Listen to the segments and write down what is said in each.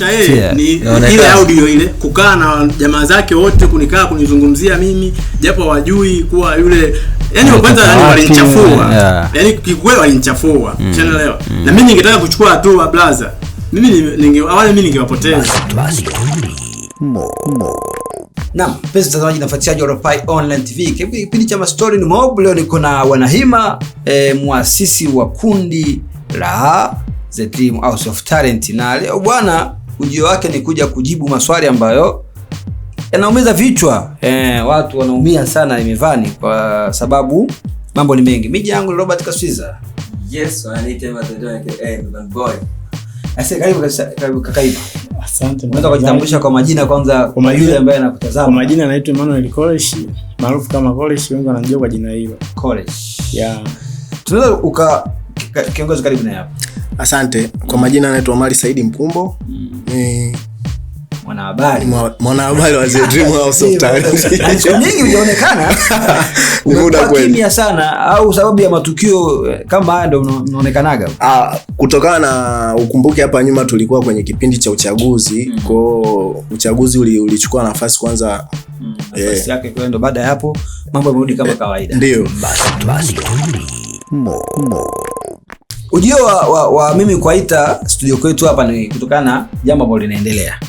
Yeah, ni ile audio ile kukaa na jamaa zake wote kunikaa kunizungumzia mimi japo wajui kuwa yule yani kwanza yani walinichafua Yani kikwe walinichafua mm. Unaelewa mm. Na mimi ningetaka kuchukua hatua blaza, mimi ninge awali mimi ningewapoteza. na mpenzi mtazamaji na mfuatiliaji wa Ropai Online TV. Kipindi cha mastori ni Mob, leo niko na Wanahima eh, muasisi wa kundi la The Dream House of Talent na leo bwana ujio wake ni kuja kujibu maswali ambayo yanaumiza vichwa eh, watu wanaumia sana imevani kwa sababu mambo ni mengi. Miji yangu Robert Kaswiza. Yes, wanaita hey, boy. Ase karibu karibu kaka Asante. Unaweza kujitambulisha kwa majina kwanza kwa yule ambaye anakutazama. Kwa majina anaitwa Emmanuel koresh maarufu kama Koleshi, wengi wanamjua kwa jina hilo. koresh Yeah. Tunaweza uka kiongozi karibu na hapo. Asante kwa majina, anaitwa Mali Saidi Mkumbo mm. e... mwanahabari mwanahabari wa The House of Talent. Nyingi unaonekana umekuwa kimya sana, au sababu ya matukio eh, kama haya ndio unaonekanaga? Ah, kutokana na ukumbuke, hapa nyuma tulikuwa kwenye kipindi cha uchaguzi mm. kwao uchaguzi ulichukua uli nafasi kwanza mm. Eh. nafasi yeah. yake, ndo baada ya hapo mambo yamerudi kama kawaida, ndio basi basi mo mo Ujio wa, wa, wa mimi kuwaita studio kwetu hapa ni kutokana na jambo ambalo linaendelea.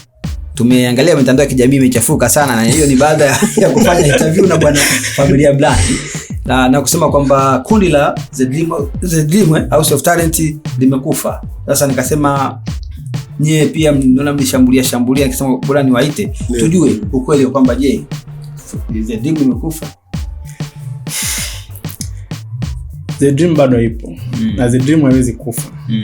Tumeangalia mitandao ya kijamii imechafuka sana, na hiyo ni baada ya kufanya interview na bwana Familia Black na, na kusema kwamba kundi la The eh, Dream House of Talent limekufa. Sasa nikasema nyie pia mnaona mlishambulia shambulia, nikisema bora niwaite tujue ukweli kwamba je, The Dream imekufa The Dream bado ipo mm. na The Dream haiwezi kufa mm.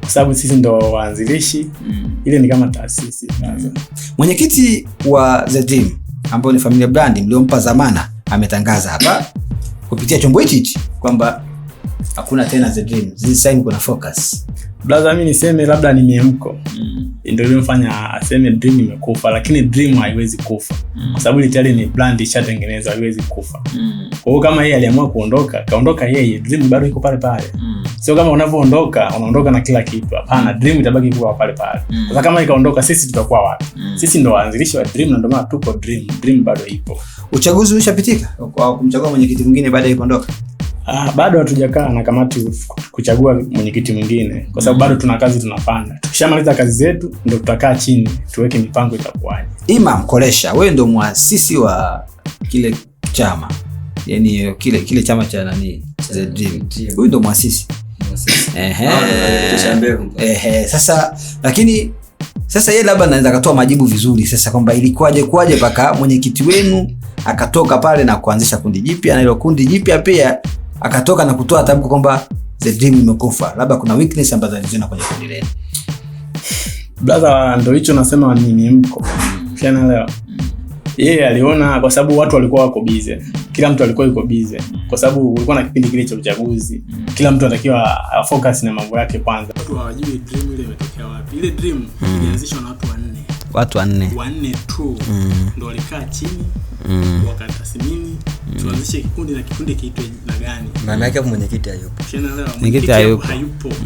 kwa sababu sisi ndo waanzilishi mm. ile ni kama taasisi mm. Mwenyekiti wa The Dream ambao ni Familia Brand mliompa zamana ametangaza hapa kupitia chombo hichi hichi kwamba hakuna tena the dream. This time kuna focus. Brother, mimi niseme labda ni miemko mm. ndio iliyomfanya aseme dream imekufa, lakini dream haiwezi kufa mm. kwa sababu tayari ni brand ishatengenezwa, haiwezi kufa mm. kwa hiyo kama yeye aliamua kuondoka, kaondoka yeye, dream bado iko pale pale mm. sio kama unavyoondoka unaondoka na kila kitu, hapana, mm. dream itabaki kuwa pale pale mm. sasa kama ikaondoka, sisi tutakuwa wapi? mm. sisi ndo waanzilishi wa dream na ndio maana tuko dream, dream bado ipo. Uchaguzi ushapitika kwa kumchagua mwenyekiti mwingine baada ya kuondoka Ah, bado hatujakaa na kamati kuchagua mwenyekiti mwingine, kwa sababu bado tuna kazi tunafanya. Tukishamaliza kazi zetu ndio tutakaa chini tuweke mipango itakuwaje. Imam Kolesha, wewe ndio muasisi wa kile chama, yaani kile kile chama cha nani, The Dream. Huyu ndio muasisi. Ehe. Ah, Ehe. Sasa lakini sasa yeye labda anaweza akatoa majibu vizuri sasa kwamba ilikuwaje kwaje mpaka mwenyekiti wenu akatoka pale na kuanzisha kundi jipya na hilo kundi jipya pia akatoka na kutoa tamko kwamba the dream imekufa, labda kuna weakness ambazo alizina kwenye kundi lenu. Brother, ndo hicho nasema ni mimko, unaelewa yeye yeah, aliona kwa sababu watu walikuwa wako bize, kila mtu alikuwa yuko bize, kwa sababu ulikuwa na kipindi kile cha uchaguzi, kila mtu anatakiwa focus na mambo yake kwanza. Watu hawajui dream ile imetokea wapi. Ile dream hmm. ilianzishwa na watu wanne, watu wanne, wanne tu hmm. ndo walikaa chini hmm. wakatathmini, tuanzishe kikundi na kikundi kiitwe gani? Maana yake mwenyekiti hayupo, mwenyekiti hayupo,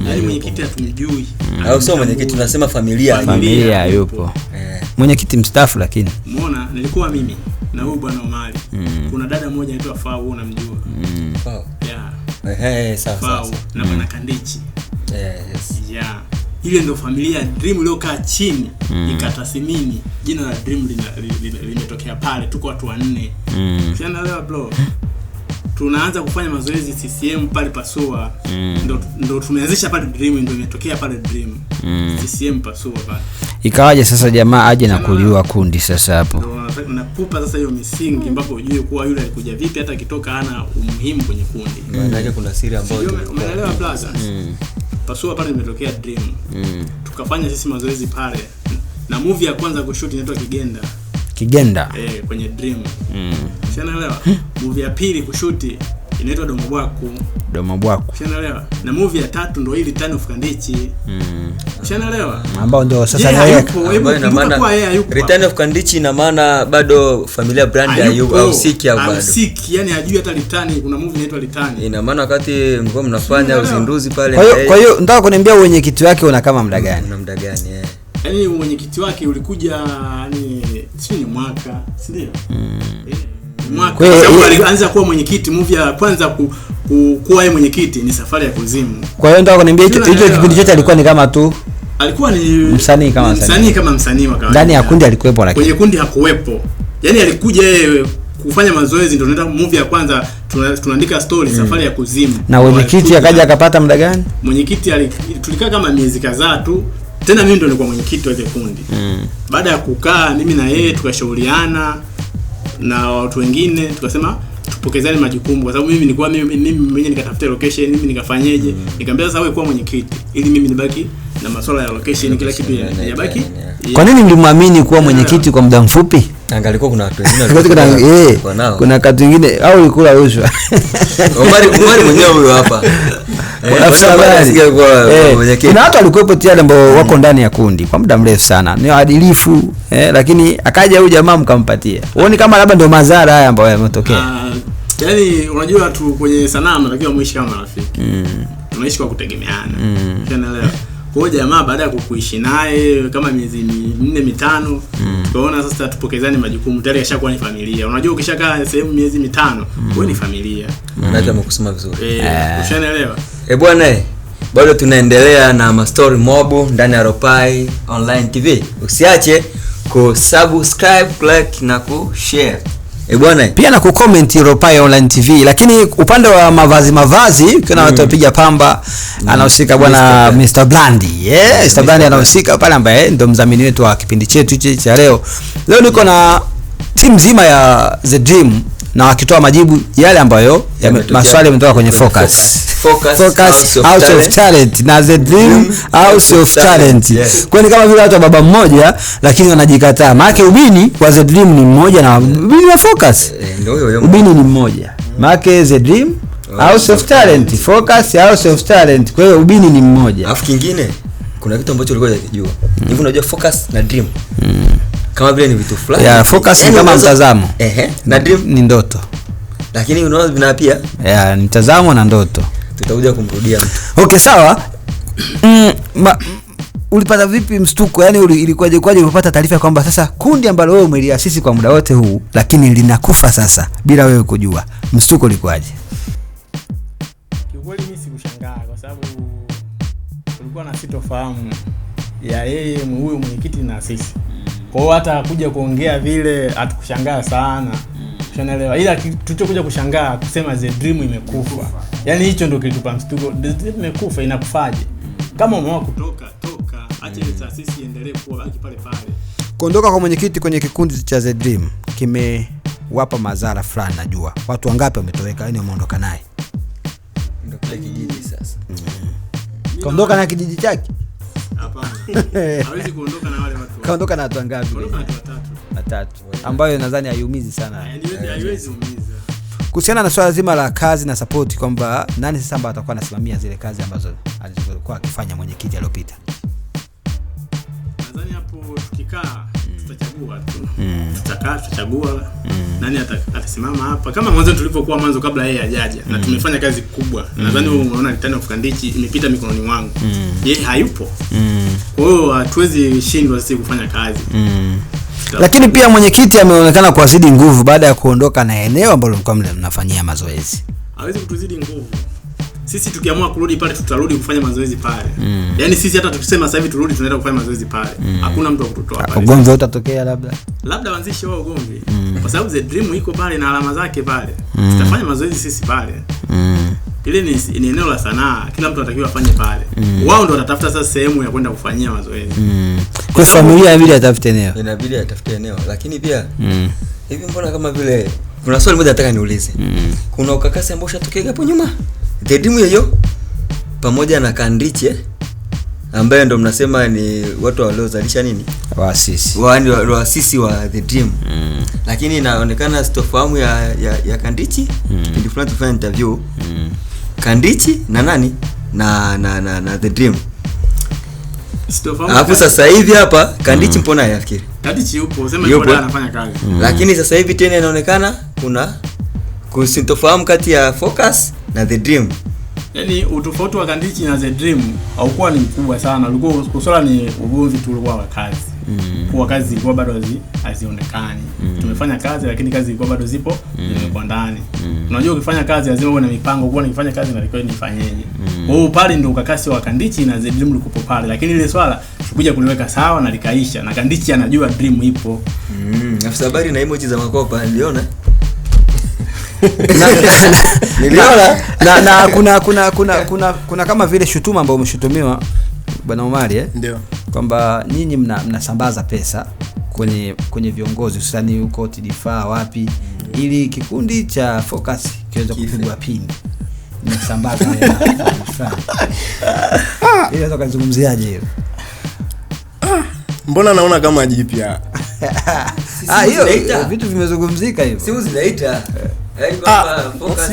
yaani mwenyekiti hatumjui, au sio? Mwenyekiti tunasema familia, familia hayupo, eh. mwenyekiti mstaafu. Lakini nilikuwa mimi na huyu bwana Omari, mm. kuna dada mmoja anaitwa Fau, unamjua mm. Fau na bwana mm. Kandichi. Yes. Yeah. Ile familia Dream iliyokaa chini mm. ikatathmini jina la Dream limetokea pale, tuko watu wanne mm. bro tunaanza kufanya mazoezi CCM pale Pasua mm. ndo, ndo tumeanzisha pale Dream, ndo imetokea pale Dream mm. CCM Pasua pale. Ikawaje sasa jamaa aje na kuliua kundi sasa hapo nakupa sasa hiyo misingi mpaka ujue kuwa yule alikuja vipi, hata akitoka ana umuhimu kwenye kundi mm. kuna siri ambayo umeelewa blaza mm. Pasua pale imetokea Dream mm. tukafanya sisi mazoezi pale na movie ya kwanza kushoot inaitwa Kigenda Kigenda eh, kwenye Dream mm. Unaelewa hmm? movie ya pili kushuti inaitwa Domo Bwaku. Domo Bwaku. Unaelewa? Na movie ya tatu ndio ile Return of Kandichi. Mm. Unaelewa? Mm. Ambao ndio sasa naweka. Ambayo ina maana Return of Kandichi ina maana bado familia brand haihusiki au bado. Haihusiki, yani hajui hata Return kuna movie inaitwa Return. Ina maana wakati mko mnafanya uzinduzi pale. Kwa hiyo kwa hiyo nataka kuniambia mwenyekiti wake una kama mda mm, gani? Una muda gani? yeah. Yaani mwenyekiti wake ulikuja yani ndio. Mm. Eh, mwaka eh, alianza kuwa mwenyekiti movie ya kwanza ku, ku, kuwa yeye mwenyekiti ni safari ya kuzimu. Kwa hiyo ndio akaniambia hicho kipindi chote alikuwa ni kama tu alikuwa ni msanii kama msanii. Msanii kama msanii wa kawaida. Ndani ya kundi alikuwepo lakini. Kwenye kundi hakuwepo. Yaani alikuja yeye kufanya mazoezi ndio tunaenda movie ya kwanza tunaandika story mm. Safari ya kuzimu. Na mwenyekiti akaja akapata muda gani? Mwenyekiti tulikaa kama miezi kadhaa tu tena mimi ndo nilikuwa mwenyekiti wa kikundi Mm. Baada ya kukaa mimi na yeye tukashauriana na watu wengine tukasema tupokezane majukumu kwa sababu mimi nilikuwa mimi mimi mwenyewe nikatafuta location, mimi nikafanyeje? Mm. Nikamwambia sasa wewe kuwa mwenyekiti ili mimi nibaki na masuala ya location kila kitu yabaki. Kwa nini mlimwamini kuwa mwenyekiti kwa muda mfupi? kuna watu ingine eh, au rushwa eh, eh, watu walikuwepo tiari ambao mm. wako ndani ya kundi kwa muda mrefu sana, ni waadilifu eh, lakini akaja huyu jamaa mkampatia. Huoni kama labda ndio madhara haya ambayo yametokea? Uh, unajua tu kwenye sanaa mnatakiwa muishi kama rafiki mm. unaishi kwa kutegemeana mm kwao jamaa baada ya kukuishi naye kama miezi minne mitano, mm. tukaona sasa tupokezane majukumu, tayari ashakuwa ni familia. Unajua ukishakaa sehemu miezi mitano, mm. wewe ni familia. Maana mm. amekusema vizuri. Eh, eh. ushanaelewa. Eh, bwana eh, bado tunaendelea na mastori mob ndani ya Ropai Online TV. Usiache kusubscribe, like na kushare. E bwana. Pia na kucomment Ropai Online TV lakini upande wa mavazi mavazi kuna mm. watu wapiga pamba mm. anahusika bwana Mr. Blandi. Yeah, Mr. Blandi anahusika pale ambaye ndio mdhamini wetu wa kipindi chetu hichi cha leo. Leo niko na timu nzima ya The Dream na wakitoa majibu yale ambayo ya maswali yametoka kwenye focus focus, focus house of talent na the dream house of talent. Yes. Kwani kama vile watu wa baba mmoja lakini wanajikataa, maana ubini wa the dream ni mmoja na ubini wa focus eh, eh, ubini ni mmoja, maana the dream house of talent, focus house of talent. Kwa hiyo ubini ni mmoja, alafu kingine kuna kitu ambacho ulikuwa unajua hivi, unajua focus na dream mm kama vile ni vitu fulani yeah, focus ni yaani kama mtazamo ehe na dream ni ndoto lakini unaona vina pia yeah, ni mtazamo na ndoto tutakuja kumrudia mtu okay sawa mm, ma, ulipata vipi mstuko yani ilikuwaje kwaje ulipata taarifa kwamba sasa kundi ambalo wewe umeliasisi kwa muda wote huu lakini linakufa sasa bila wewe kujua mstuko ulikuwaje kiukweli mimi sikushangaa kwa sababu kulikuwa na sitofahamu ya yeye huyu mwenyekiti na sisi mm. Kwa hiyo hata kuja kuongea vile hatukushangaa sana Ushanaelewa, ila tulichokuja kushangaa kusema the dream imekufa. Yaani hicho ndio kilitupa mstuko dream imekufa, inakufaje? Kama umeoa kutoka toka, acha ile taasisi iendelee kubaki pale pale. Kuondoka kwa mwenyekiti kwenye kikundi cha the dream kimewapa madhara fulani. Najua watu wangapi wametoweka, yani wameondoka naye, ndio kijiji sasa, mm. kaondoka na kijiji chake kaondoka na watu wangapi? Watatu, ambayo nadhani haiumizi sana kuhusiana na swala zima la kazi na sapoti, kwamba nani sasa ambaye atakuwa anasimamia zile kazi ambazo alizokuwa akifanya mwenyekiti aliyopita. Nadhani hapo tukikaa tutachagua tu mm. tutakaa tutachagua mm. nani atasimama hapa, kama mwanzo tulivyokuwa mwanzo kabla yeye hajaja mm. na hmm. tumefanya kazi kubwa mm. nadhani hmm. unaona Return of Kandichi imepita mikononi mwangu mm. yeye hayupo mm. kwa hiyo hatuwezi shindwa sisi kufanya kazi mm. Lakini pia mwenyekiti ameonekana kuwazidi nguvu baada ya kuondoka na eneo ambalo mlikuwa mnafanyia mazoezi. Hawezi kutuzidi nguvu sisi tukiamua kurudi pale tutarudi kufanya mazoezi pale. Mm. Yaani sisi hata tukisema sasa hivi turudi tunaenda kufanya mazoezi pale. Mm. Hakuna mtu akututoa ah, pale. Ugomvi utatokea labda. Labda wanzishe wao ugomvi. Mm. Kwa sababu the dream iko pale na alama zake pale. Mm. Tutafanya mazoezi sisi pale. Mm. Ile ni, ni eneo la sanaa, kila mtu anatakiwa afanye pale. Mm. Wao ndio watatafuta sasa sehemu ya kwenda kufanyia mazoezi. Mm. Kwa familia inabidi atafute eneo. Inabidi atafute eneo, lakini pia mm. Hivi mbona kama vile kuna swali moja nataka niulize. Mm. Kuna ukakasi ambao ushatokea hapo nyuma? The Dimu Yeyo pamoja na Kandiche ambaye ndo mnasema ni watu waliozalisha nini, waasisi wa, waasisi wa The Dream mm. Lakini inaonekana sitofahamu ya, ya, ya Kandichi mm. Kipindi fulani tufanya interview mm. Kandichi na nani na na, na, na The Dream Alafu sasa hivi hapa Kandichi mm. Mpona yafikiri Kandichi yupo, sema yupo eh? anafanya kazi mm. Lakini sasa hivi tena inaonekana kuna kuna kati ya Focus na The Dream. Yaani utofauti wa Kandichi na The Dream haukuwa ni mkubwa sana. Ulikuwa kusola ni ugomvi tu ulikuwa wa kazi. Mm. Kwa kazi ilikuwa bado hazionekani. Mm. Tumefanya kazi lakini kazi ilikuwa bado zipo zimekuwa mm. Eh, ndani. Mm. Unajua ukifanya kazi lazima uwe na mipango, kwa nikifanya kazi na rekodi mm. Kwa hiyo pale ndio ukakasi wa Kandichi na The Dream ulikupo pale, lakini ile swala kuja kuliweka sawa na likaisha na Kandichi anajua Dream ipo. Mm. Afisa habari na emoji za makopa aliona na, na kuna kuna kuna kuna kuna kama vile shutuma ambayo umeshutumiwa bwana umari eh? kwamba nyinyi mnasambaza mna pesa kwenye kwenye viongozi hususani huko tidifaa wapi mm. ili kikundi cha Focus kiweze kupigwa pini kazungumziaje hiyo mbona naona kama jipya ah, hiyo eh, vitu vimezungumzika hivyo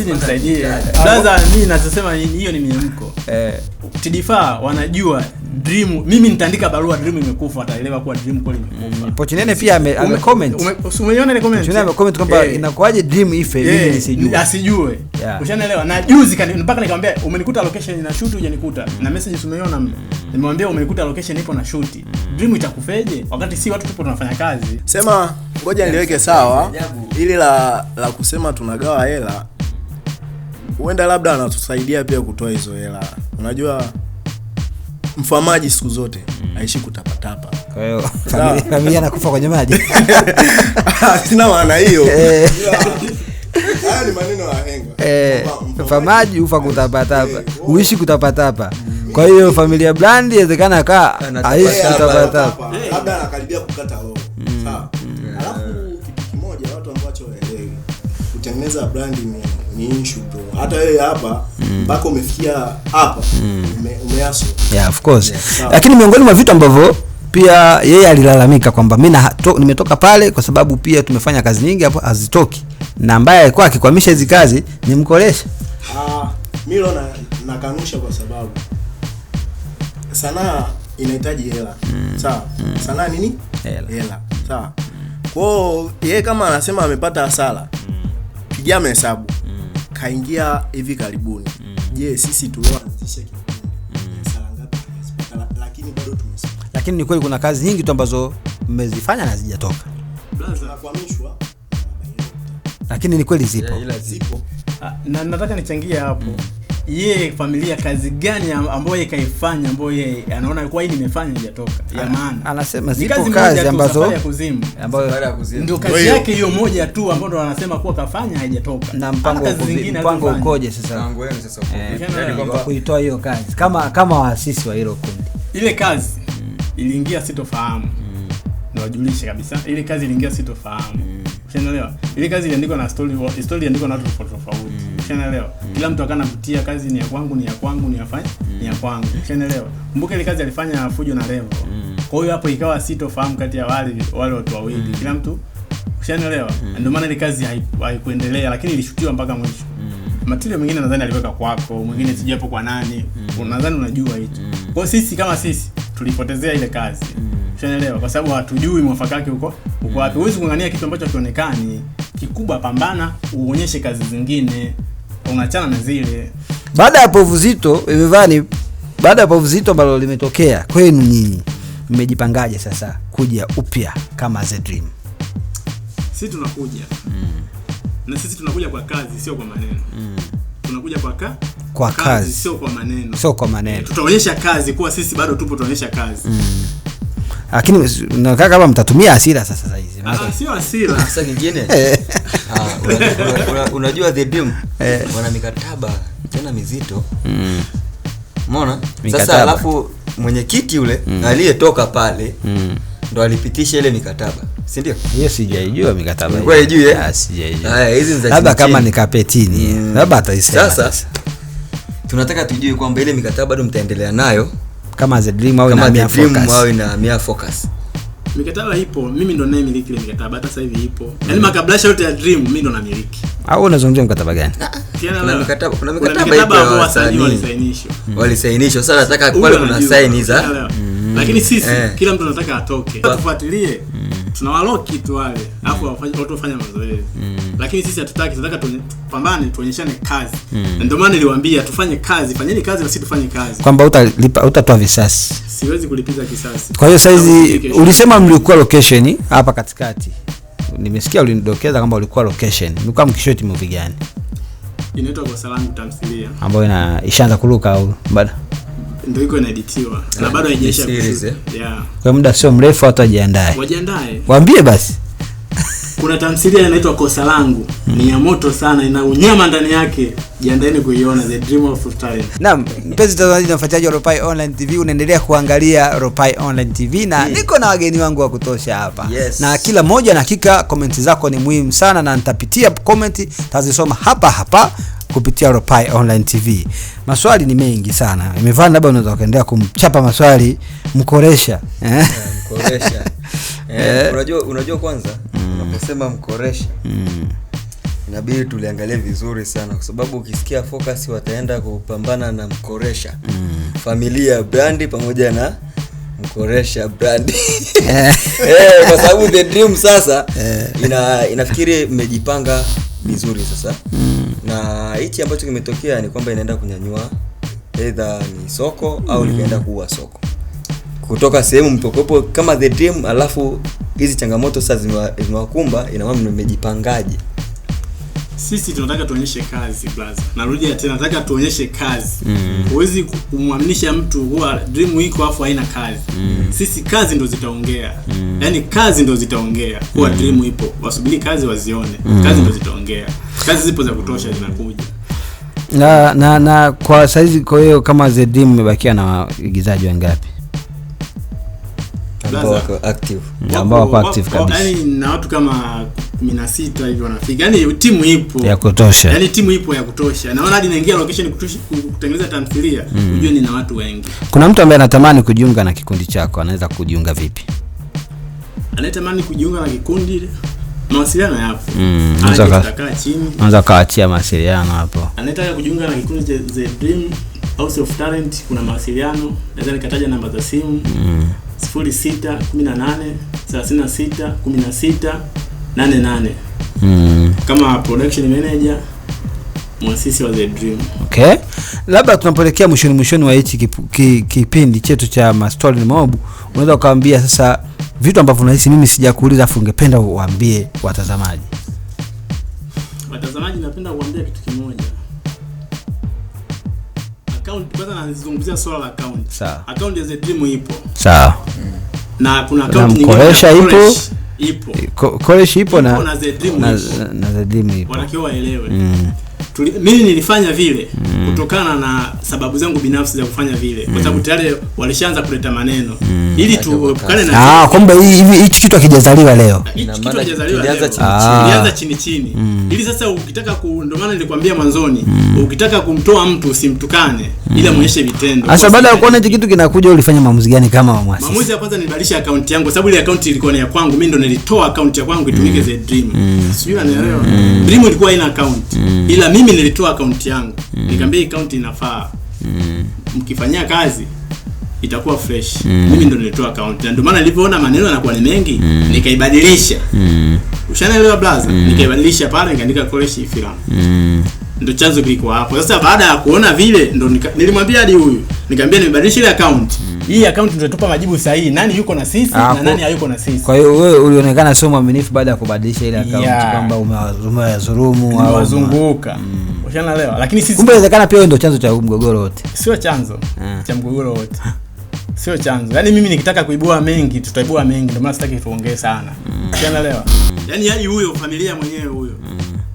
nisaidie ah, oh, kwanza. Mimi nachosema hiyo ni miemko eh. Tidifaa wanajua Dream mimi nitaandika barua Dream imekufa, ataelewa kuwa Dream kweli imekufa. Mm, Pochinene pia ame, ame comment. Umeiona ile comment? Pochinene ame comment kwamba yeah. Inakuwaje Dream ife mimi eh, Nisijue. Asijue. Yeah. Ushanaelewa? Na juzi kan mpaka nikamwambia umenikuta location ina shoot hujanikuta. Na message umeiona mimi. Nimemwambia umenikuta location ipo na shoot. Dream itakufeje wakati si watu tupo tunafanya kazi. Sema ngoja niliweke sawa ili la la kusema tunagawa hela. Huenda labda anatusaidia pia kutoa hizo hela. Unajua mfamaji siku zote mm. aishi kutapatapa familia anakufa kwenye maji sina maana hiyo eh. eh, mfamaji ufa eh, kutapatapa oh. uishi kutapatapa kwa hiyo familia brandi inawezekana kaa aishi kutapatapa mm. Mm. kutengeneza brandi ni ni issue bro. Hata wewe hapa mm. mpaka mm. umefikia hapa mm. ume, Yeah, of course. Yeah, lakini miongoni mwa vitu ambavyo pia yeye alilalamika kwamba mi nimetoka pale kwa sababu pia tumefanya kazi nyingi hapo hazitoki, na ambaye alikuwa akikwamisha hizi kazi ni mkoresha. Ah, na nakanusha kwa sababu sanaa inahitaji hela mm. sawa mm. sanaa nini hela, hela. sawa mm. kwao yeye kama anasema amepata hasara mm. pigia mahesabu kaingia hivi karibuni. Mm. Je, mm. sisi tulioanzisha mm. bado tumesoma. Lakini ni kweli kuna kazi nyingi tu ambazo mmezifanya na zijatoka lakini ni kweli zipo, ila zipo ah, na nataka nichangie hapo mm ye familia kazi gani ambayo yeye kaifanya ambayo yeye anaona kwa hii nimefanya nijatoka ya maana, anasema zipo kazi, kazi ambazo ambayo ndio kazi yake hiyo moja tu ambayo ndo anasema kuwa kafanya haijatoka. Na mpango wa mpango ukoje sasa, mpango wenu sasa ukoje, eh, yani kwamba kuitoa hiyo kazi kama kama waasisi wa hilo kundi, ile kazi mm. iliingia sitofahamu mm. na kabisa ile kazi iliingia sitofahamu mm Ushaelewa? Ile kazi iliandikwa na story, story iliandikwa na watu tofauti tofauti. Mm. Ushaelewa? Mm. Kila mtu akana mtia kazi ni ya kwangu, ni ya kwangu, ni ya mm. ni ya kwangu. Mm. Ushaelewa? kumbuka ile kazi alifanya Fujo na Revo. Mm. Kwa hiyo hapo ikawa si tofahamu kati ya wale wale watu wawili. Mm. Kila mtu ushaelewa? Mm. Ndio maana ile kazi haikuendelea lakini ilishutiwa mpaka mwisho. Mm. Matirio mengine nadhani aliweka kwako, mwingine sijui kwa nani. Mm. Nadhani unajua hicho. Mm. Kwa sisi kama sisi tulipotezea ile kazi. Mm. Unaelewa? Kwa sababu hatujui mwafaka wake uko uko wapi. Mm. Huwezi kung'ania kitu ambacho hakionekani. Kikubwa pambana, uonyeshe kazi zingine. Unaachana na zile. Baada ya povu zito, eh, Imevani baada ya povu zito ambalo limetokea kwenu nyinyi, mmejipangaje sasa kuja upya kama The Dream? Sisi tunakuja. Mm. Na sisi tunakuja kwa kazi, sio kwa maneno. Mm. Tunakuja kwa ka kwa kazi, kazi sio kwa maneno. Sio kwa maneno. Tutaonyesha kazi kuwa sisi bado tupo tunaonyesha kazi. Mm lakini nakaa kama mtatumia hasira sasa saizi. Ah, kingine. Eh. Ah, unajua the eh. wana mikataba tena mizito. mona mm. Sasa alafu mwenyekiti yule mm. aliyetoka pale mm. ndo alipitisha ile mikataba. Si sijaijua mikataba. Eh? Ah, kama ni kapetini. Mm. Labda atasasa tunataka tujue kwamba ile mikataba bado mtaendelea nayo kama the dream au ina focus au ina focus mikataba ipo, mimi ndo naye miliki ile mikataba, hata sasa hivi ipo. Yaani mm. makablasha yote ya Dream mimi ndo na miliki Au unazungumzia mkataba gani? Ah, ah. Kuna mikataba, kuna mikataba ipo ya wasanii mm. walisainishwa. Sasa nataka pale kuna saini za. Mm. Lakini sisi eh. kila mtu anataka atoke. Tufuatilie. Mm tunawaloki tu wale alafu mm. watu wafanya mazoezi, mm. lakini sisi hatutaki, tunataka tupambane, tuonyeshane kazi. mm. ndio maana niliwambia tufanye kazi, fanyeni kazi nasi tufanye kazi, kwamba utatoa visasi. Siwezi kulipiza kisasi. Kwa hiyo saizi ulisema mlikuwa location hapa katikati, nimesikia ulinidokeza kwamba ulikuwa location, mlikuwa mkishoti movie gani? Inaitwa Kwa Salamu Tamthilia, ambayo ina ishaanza kuruka au bado? ndio iko inaeditiwa na ah, bado haijaisha eh? yeah. Kwa muda sio mrefu watu wajiandae, wajiandae, waambie basi kuna tamthilia inaitwa Kosa Langu hmm. Ni ya moto sana, ina unyama ndani yake, jiandaeni kuiona The Dream of time Naam, mpenzi mtazamaji na mfuatiliaji wa Ropai Online TV, unaendelea kuangalia Ropai Online TV na yeah. Niko na wageni wangu wa kutosha hapa yes. Na kila mmoja na hakika comment zako ni muhimu sana, na nitapitia comment tazisoma hapa hapa kupitia Ropai Online TV. Maswali ni mengi sana. Imevana labda unaweza ukaendelea kumchapa maswali mkoresha. Eh? Mkoresha. Eh, eh, unajua unajua kwanza mm. unaposema mkoresha. Mm. Inabidi tuliangalia vizuri sana kwa sababu ukisikia focus wataenda kupambana na mkoresha. Mm. Familia brandi pamoja na mkoresha brand eh. eh, kwa sababu the dream sasa eh. ina, inafikiri mmejipanga vizuri sasa mm na hichi ambacho kimetokea ni kwamba inaenda kunyanyua either ni soko au likaenda mm. kuua soko kutoka sehemu mtokopo kama the dream, alafu hizi changamoto sasa zimewakumba, ina maana mmejipangaje? sisi tunataka tuonyeshe kazi blaza. Narudia tena, nataka tuonyeshe kazi. Mm. Huwezi mm. kumwaminisha mtu huwa dream iko afu haina kazi mm. Sisi kazi ndo zitaongea mm. Yaani kazi ndo zitaongea kuwa mm. dream ipo, wasubiri kazi wazione mm. Kazi ndo zitaongea, kazi zipo za kutosha zinakuja na na na kwa saizi. Kwa hiyo kama The Dream na waigizaji wangapi? ambao na wanafika, yani timu ipo ya kutosha, yani timu ipo ya kutosha. Naona hadi naingia location kutengeneza tamthilia mm. nina watu wengi. Kuna mtu ambaye anatamani kujiunga na kikundi chako, anaweza kujiunga vipi? Anatamani kujiunga na kikundi mawasiliano yapo, mm, mawasiliano hapo. kujiunga na kikundi The Dream House of Talent, kuna mawasiliano, naweza nikataja namba za simu mm. Hmm. Kama production manager mwasisi wa The Dream. Okay. Labda tunapelekea mwishoni mwishoni wa hichi kipindi chetu cha mastori ni maovu, unaweza ukaambia sasa vitu ambavyo unahisi mimi sijakuuliza afu ungependa uambie watazamaji. Watazamaji, napenda kuambia kitu account kwanza ipo. Na kuna account nyingine. ipo. Ipo. Koreshi ipo na na Zedimo waelewe. Mm mimi nilifanya vile mm. kutokana na sababu zangu binafsi za kufanya vile mm. kwa sababu tayari walishaanza kuleta maneno mm. ili tuepukane na ah, kwamba hichi kitu hakijazaliwa leo, kitu hakijazaliwa leo, ilianza chini chini mm. ili sasa, ukitaka ku, ndio maana nilikwambia mwanzoni mm. ukitaka kumtoa mtu usimtukane mm. ila muonyeshe vitendo. Sasa baada ya kuona hichi kitu kinakuja, ulifanya maamuzi gani kama mwasisi? Maamuzi ya kwanza nibadilisha akaunti yangu, sababu ile akaunti ilikuwa ni ya kwangu, mimi ndo nilitoa akaunti ya kwangu itumike mm. The Dream mm. sijui anaelewa mm. Dream ilikuwa ina akaunti mm. ila mimi nilitoa akaunti yangu mm. Nikamwambia akaunti inafaa mm. Mkifanyia kazi itakuwa fresh mm. Mimi ndo nilitoa akaunti na ndio maana nilipoona maneno yanakuwa ni mengi mm. Nikaibadilisha mm. Ushanaelewa blaza mm. Nikaibadilisha pale nikaandika Koreshi ifiram mm. Ndo chanzo kilikuwa hapo. Sasa baada ya kuona vile ndo nilimwambia hadi huyu nikamwambia nimebadilisha ile akaunti mm hii akaunti ndio tupa majibu sahihi, nani yuko na sisi ah, na nani hayuko na sisi. Kwa hiyo wewe ulionekana sio mwaminifu baada ya kubadilisha ile akaunti yeah, kwamba umewazurumu au wazunguka mm. Ushanaelewa, lakini sisi kumbe inawezekana pia wewe ndio chanzo cha mgogoro wote. Sio chanzo yeah. cha mgogoro wote sio chanzo. Yaani mimi nikitaka kuibua mengi tutaibua mengi, ndio maana sitaki tuongee sana. Ushanaelewa mm. Yaani yaani huyo familia mwenyewe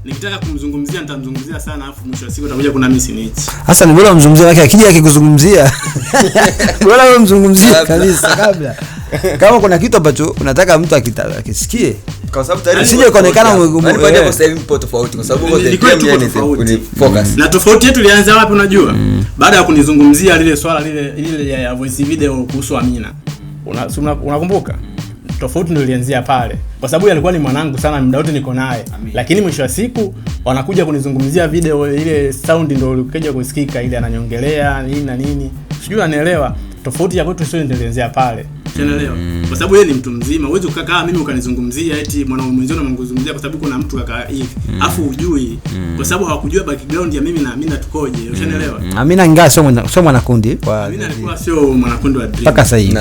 nikitaka kumzungumzia nitamzungumzia sana, afu mwisho wa siku utakuja kuna mimi snitch. Sasa ni bora umzungumzie, lakini akija akikuzungumzia bora wewe mzungumzie kabisa kabla kama kuna kitu ambacho unataka mtu akisikie, kwa sababu tayari sije kuonekana eh. kwa sababu mpo tofauti, kwa sababu tofauti focus na tofauti yetu ilianza wapi? Unajua, mm. baada ya kunizungumzia lile swala lile lile ya voice video kuhusu Amina, unakumbuka? Mm tofauti ndio ilianzia pale, kwa sababu alikuwa ni mwanangu sana, muda wote niko naye, lakini mwisho wa siku wanakuja kunizungumzia video ile, sound ndio ulikuja kusikika ile, ananyongelea nini na nini, sijui anaelewa. Tofauti ya kwetu sio ndio ilianzia pale. Unaelewa? Mm. Kwa sababu yeye ni mtu mzima. kukaa kama ah, mimi ukanizungumzia eti mwanaume mwenzio kwa sababu kuna mtu kaka hivi. Mm. Afu ujui. Mm. Kwa sababu hawakujua background ya mimi na Amina tukoje. Mm. mm. Amina ingawa sio sio mwanakundi kwa Amina alikuwa sio mwanakundi wa Dream. Paka sasa hivi.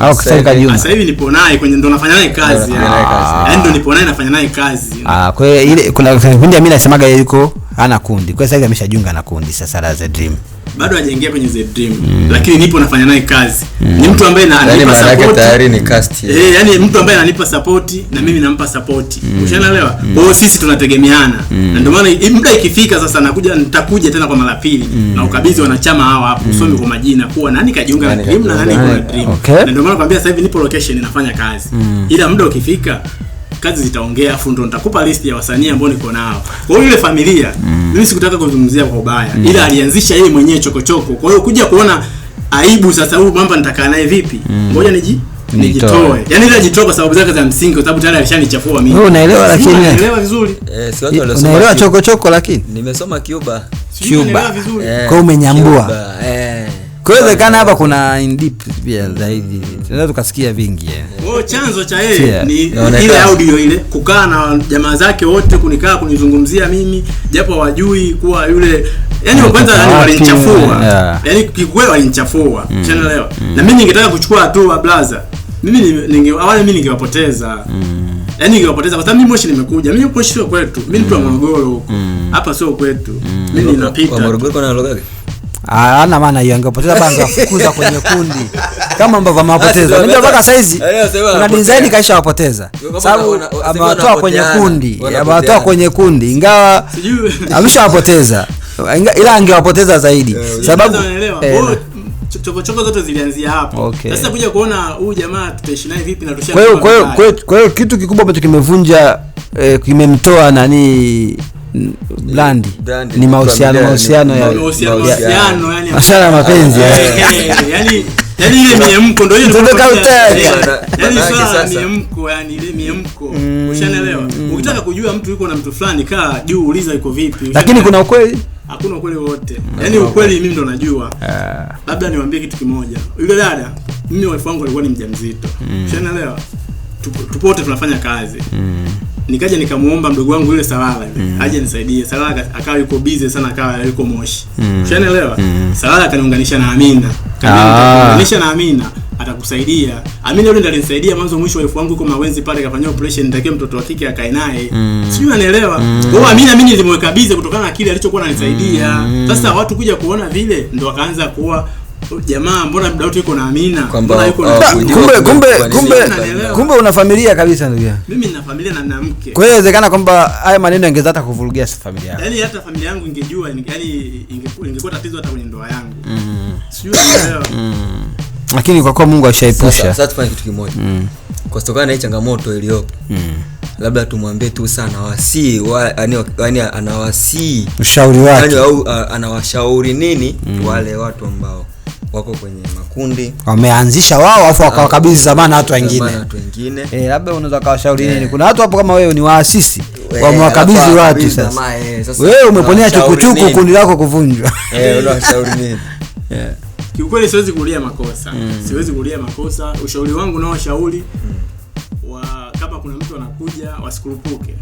Au sasa kajiunga. Sasa hivi nipo naye kwenye ndo nafanya naye kazi. Yaani ndo nipo naye nafanya naye kazi. Ah, kwa hiyo ile kuna kundi Amina semaga yuko ana kundi. Kwa sasa hivi ameshajiunga na kundi sasa la The Dream bado hajaingia kwenye Z Dream mm. lakini nipo nafanya naye kazi mm. ni mtu ambaye ananipa yaani support tayari ni cast eh hey, yani mtu ambaye ananipa support na mimi nampa support mm. ushaelewa mm. kwa hiyo sisi tunategemeana mm. na ndio maana muda ikifika sasa nakuja nitakuja tena kwa mara pili mm. na ukabidhi wanachama hawa hapo mm. usome kwa majina kuwa nani kajiunga na Dream na nani kwa Dream okay. na ndio maana nakwambia sasa hivi nipo location nafanya kazi mm. ila muda ukifika kazi zitaongea, afu ndo nitakupa list ya wasanii ambao niko nao. Kwa hiyo ile familia mm. mimi sikutaka kuzungumzia kwa ubaya mm. ila alianzisha yeye mwenyewe chokochoko. Kwa hiyo kuja kuona aibu sasa, huyu mamba nitakaa naye vipi? Mm. Ngoja mm. niji nijitoe. Yaani ile ajitoe kwa sababu zake za msingi, kwa sababu tayari alishanichafua mimi. Wewe unaelewa lakini. Unaelewa vizuri. Eh, si watu waliosoma. Unaelewa chokochoko lakini. Nimesoma Cuba. Cuba. Kwa umenyambua. Eh. Kwa hapa kuna in pia zaidi. Tunaweza tukasikia vingi. Eh. Oh, chanzo cha yeye ni ile audio ile kukaa na jamaa zake wote kunikaa kunizungumzia mimi japo wajui kuwa yule yani kwanza yani walinichafua. Yani kikweli walinichafua. Mm. Unaelewa? Mm. Na mimi ningetaka kuchukua hatua blaza. Mimi ninge awali mimi ningewapoteza. Mm. yani ningewapoteza kwa sababu mimi Moshi nimekuja. Mimi Moshi sio kwetu. Mimi mtu wa Morogoro huko. Hapa sio kwetu. Mimi ninapita. Wa Morogoro kuna lugha gani? Hana maana hiyo, angepoteza banga afukuza kwenye kundi kama ambavyo amewapoteza. Ndio mpaka hizi kuna design kaisha wapoteza, sababu amewatoa kwenye kundi, amewatoa kwenye kundi, ingawa ameshawapoteza, ila angewapoteza zaidi eh, sababu eh, chokochoko zote zilianzia hapo. Okay. Sasa kuja kuona huyu jamaa tutaishi naye vipi na tusha. Kwa hiyo kwa hiyo kitu kikubwa ambacho kimevunja eh, kimemtoa nani blandi ni mahusiano mahusiano masala ya mapenzi eh, eh. Eh, yani ile miemko ndio ile ndio kaunta yani swala miemko yani ile miemko mm. ushanelewa mm. ukitaka kujua mtu yuko na mtu fulani kaa juu uliza iko vipi lakini kuna ukweli hakuna ukweli wote mm. yani ukweli mimi ndo najua ah. labda niwaambie kitu kimoja yule dada mimi wife wangu alikuwa ni mjamzito ushanelewa tupote tunafanya kazi mm nikaja nikamuomba mdogo wangu yule Salala mm. aje nisaidie. Salala akawa yuko busy sana, akawa yuko Moshi mm. ushaelewa mm. Salala akaniunganisha na Amina, kaniunganisha ah. na Amina atakusaidia. Amina yule ndiye alinisaidia mwanzo mwisho, wa elfu wangu yuko mawenzi pale, kafanyia operation, nitakie mtoto wa kike akae naye mm. sio unanielewa mm. kwao. Amina mimi nilimweka busy kutokana na kile alichokuwa ananisaidia mm. Sasa watu kuja kuona vile ndo wakaanza kuwa jamaa, mbona mda wote yuko na Amina? Mbona uh, yuko na kumbe kumbe kumbe kumbe una familia kabisa ndugu yangu. Mimi nina familia na nina mke. Kwa hiyo inawezekana kwamba haya maneno yangeza hata kuvurugia familia yako. Yaani hata familia yangu ingejua, yaani ingekuwa ingekuwa tatizo hata kwenye ndoa yangu. Mm. Sijui unaelewa. Mm. Lakini kwa kuwa Mungu ashaipusha. Sasa tufanye kitu kimoja. Mm. Kwa kutokana na hii changamoto iliyopo. Mm labda tumwambie tu sana wasii wa, yani yaani anawasii ushauri wake yaani au anawashauri nini mm. wale watu ambao wako kwenye makundi wameanzisha wao afu wakawakabidhi zamana watu wengine e, labda unaweza kawashauri nini eh. kuna watu hapo kama wewe ni waasisi eh, wamewakabidhi watu sasa wewe umeponea chukuchuku kundi lako kuvunjwa kiukweli siwezi kulia makosa mm. siwezi kulia makosa ushauri wangu naoshauri mm. wa kama kuna mtu anakuja wasikurupuke,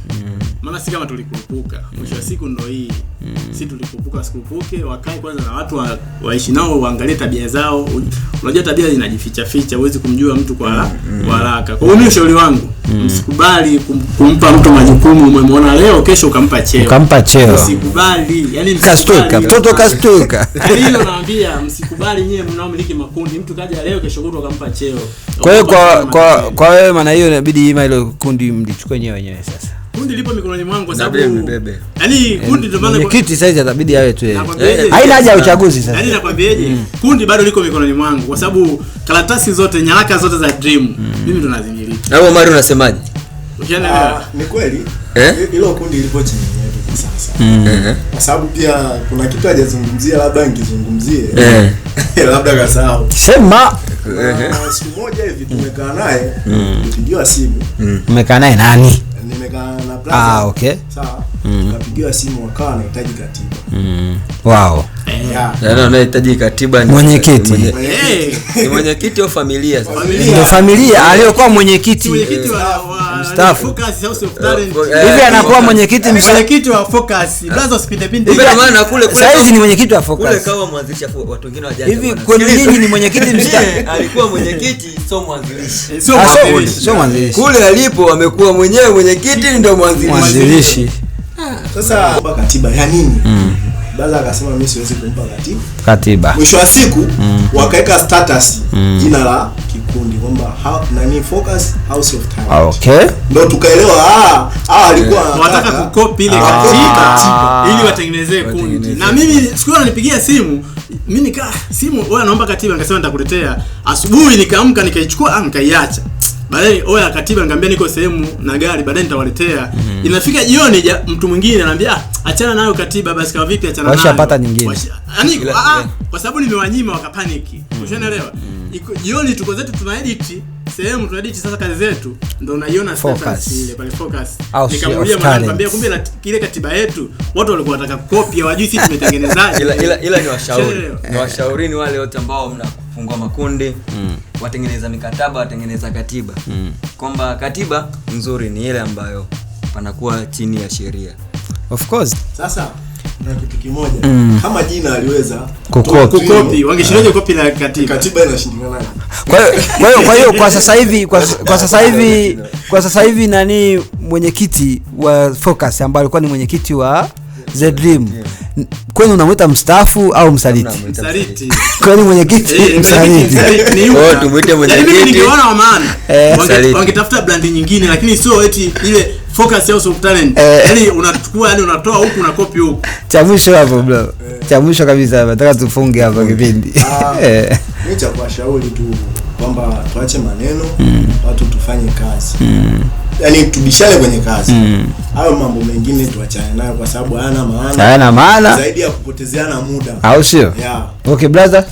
maana si kama tulikurupuka mwisho mm. wa siku ndo hii mm. si tulikurupuka, wasikurupuke, wakae kwanza na watu waishi nao, waangalie tabia zao. Unajua tabia zinajificha ficha, huwezi kumjua mtu kwa mm, mm. haraka mm. kwa hiyo mimi ushauri wangu Mm. kumpa mtu majukumu. Umemwona leo, kesho ukampa cheo, ukampa cheo. Msikubali yani, msikubali mtoto kastuka. Yani hilo naambia, msikubali nyie mnaomiliki makundi. Mtu kaja leo, kesho kutwa ukampa cheo. Kwa hiyo kwa kwa kwa wewe, maana hiyo inabidi ima hilo kundi mlichukue nyewe wenyewe. Sasa kundi lipo mikononi mwangu kwa sababu yaani eh, kundi ndio maana kiti sasa itabidi awe tu yeye, haina haja ya uchaguzi sasa. Yani nakwambieje, mm. kundi bado liko mikononi mwangu kwa sababu karatasi zote, nyaraka zote za dream mm. mimi ndo nazimiliki au mari unasemaje? Ah, ni kweli eh? hilo kundi lilipo chini yetu sasa, mm. kwa eh, eh. sababu pia kuna kitu hajazungumzia, labda nikizungumzie labda kasahau. Sema siku moja hivi tumekaa naye kupigiwa mm. simu. Mm. Umekaa naye nani? Nimekaa na Plaza. Ah, okay. Sawa. Tukapigiwa simu wakawa wanahitaji katiba. Wow anahitaji katiba mwenyekiti mwenyekiti au familia ndio familia aliyokuwa mwenyekiti mstaafu hivi eh, anakuwa mwenyekiti ah. saizi ni mwenyekiti wa Focus hivi kwenu ninyi ni mwenyekiti mstaafu eh, eh, ah, mwanzilishi kule alipo amekuwa mwenyewe mwenyekiti ndio mwanzilishi ah. sasa katiba ya nini mm. Daza akasema mimi siwezi kumpa katiba. Katiba. Mwisho wa siku mm. wakaweka status mm. jina la kikundi kwamba nani focus house of talent. Ah, okay. Ndio tukaelewa ah ah alikuwa yeah. wanataka kukopi ile ah. katiba ah. ili watengenezee kundi. Na mimi siku nanipigia simu mimi nika simu wewe naomba katiba, nikasema nitakuletea. Asubuhi nikaamka nikaichukua, ah nikaiacha baadaye oya katiba ngambia niko sehemu na gari baadaye nitawaletea. Mm. Inafika jioni ja, mtu mwingine anambia ah, achana nayo katiba basi kama vipi achana nayo. Washapata nyingine. Yaani Washa, yeah. Ah, kwa sababu nimewanyima wakapaniki. Mm. Ushaelewa? Mm. Jioni tuko zetu tuna edit sehemu tuna edit sasa kazi zetu ndio unaiona status ile pale focus. Nikamwambia mwanaambia kumbe na ile katiba yetu watu walikuwa wanataka copy wajui sisi tumetengenezaje. Ila ila, ni washauri. Ni washaurini wale wote ambao mnafungua makundi. Mm watengeneza mikataba, watengeneza katiba mm. kwamba katiba nzuri ni ile ambayo panakuwa chini ya sheria of course. Sasa na kitu kimoja mm. kama jina aliweza kopi la katiba? Katiba inashindikana. Kwa hiyo kwa hiyo kwa sasa hivi kwa, kwa sasa hivi kwa sasa hivi nani mwenyekiti wa Focus ambaye alikuwa ni mwenyekiti wa Zedlim yeah kwani unamwita mstafu au msaliti? Msaliti kwani eh, mwenyekiti msaliti? Oh, tumwite yaani mwenyekiti. Mimi ningeona wa maana eh, wangetafuta brandi nyingine, lakini sio eti ile focus ya of talent. Eh. Yaani unachukua yani unatoa huku na copy huku. Cha mwisho hapo bro. Cha mwisho kabisa nataka tufunge hapo kipindi. Mimi ah, cha kuwashauri tu kwamba tuache maneno, mm. watu tufanye kazi. Mm yani tubishane kwenye kazi mm. hayo mm. Mambo mengine tuachane nayo kwa sababu hayana maana, hayana maana zaidi ya kupotezeana muda, au sio? Yeah. Okay brother,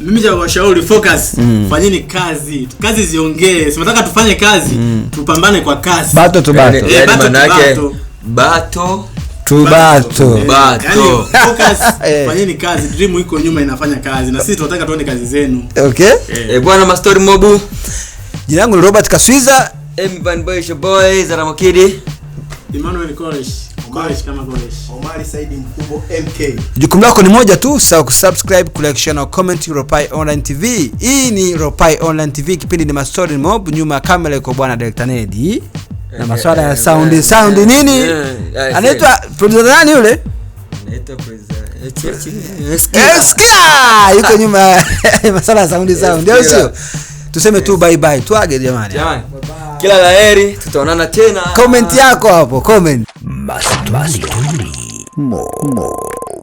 mimi cha kuwashauri focus, mm. fanyeni kazi, kazi ziongee. Simataka tufanye kazi mm. tupambane kwa kazi, bato tu bato, yani, yani maana yake bato tubato yaani bato, eh, yaani focus eh. fanyeni kazi, dream iko nyuma inafanya kazi, na sisi tunataka tuone kazi zenu. Okay eh, bwana Mastori Mobu, jina langu ni Robert Kaswiza. M Boys, your boys, Adam Okidi. Emmanuel Koresh. Omari Saidi Mkumbo MK. Jukumu lako ni moja tu, sawa kusubscribe, kulike, share na comment Ropai Online TV. Hii ni Ropai Online TV, kipindi ni Mastori Mob, nyuma ya kamera iko bwana Director Nedi. Na eh, maswala ya eh, sound eh, sound nini? Anaitwa producer nani yule? Anaitwa producer. Sikia, yuko nyuma masuala ya sound sound, sio? Tuseme tu bye bye, tuage jamani. Jamani. Bye bye. Kila la heri, tutaonana tena. Comment yako hapo, comment. Mastuli. Mo. Mo.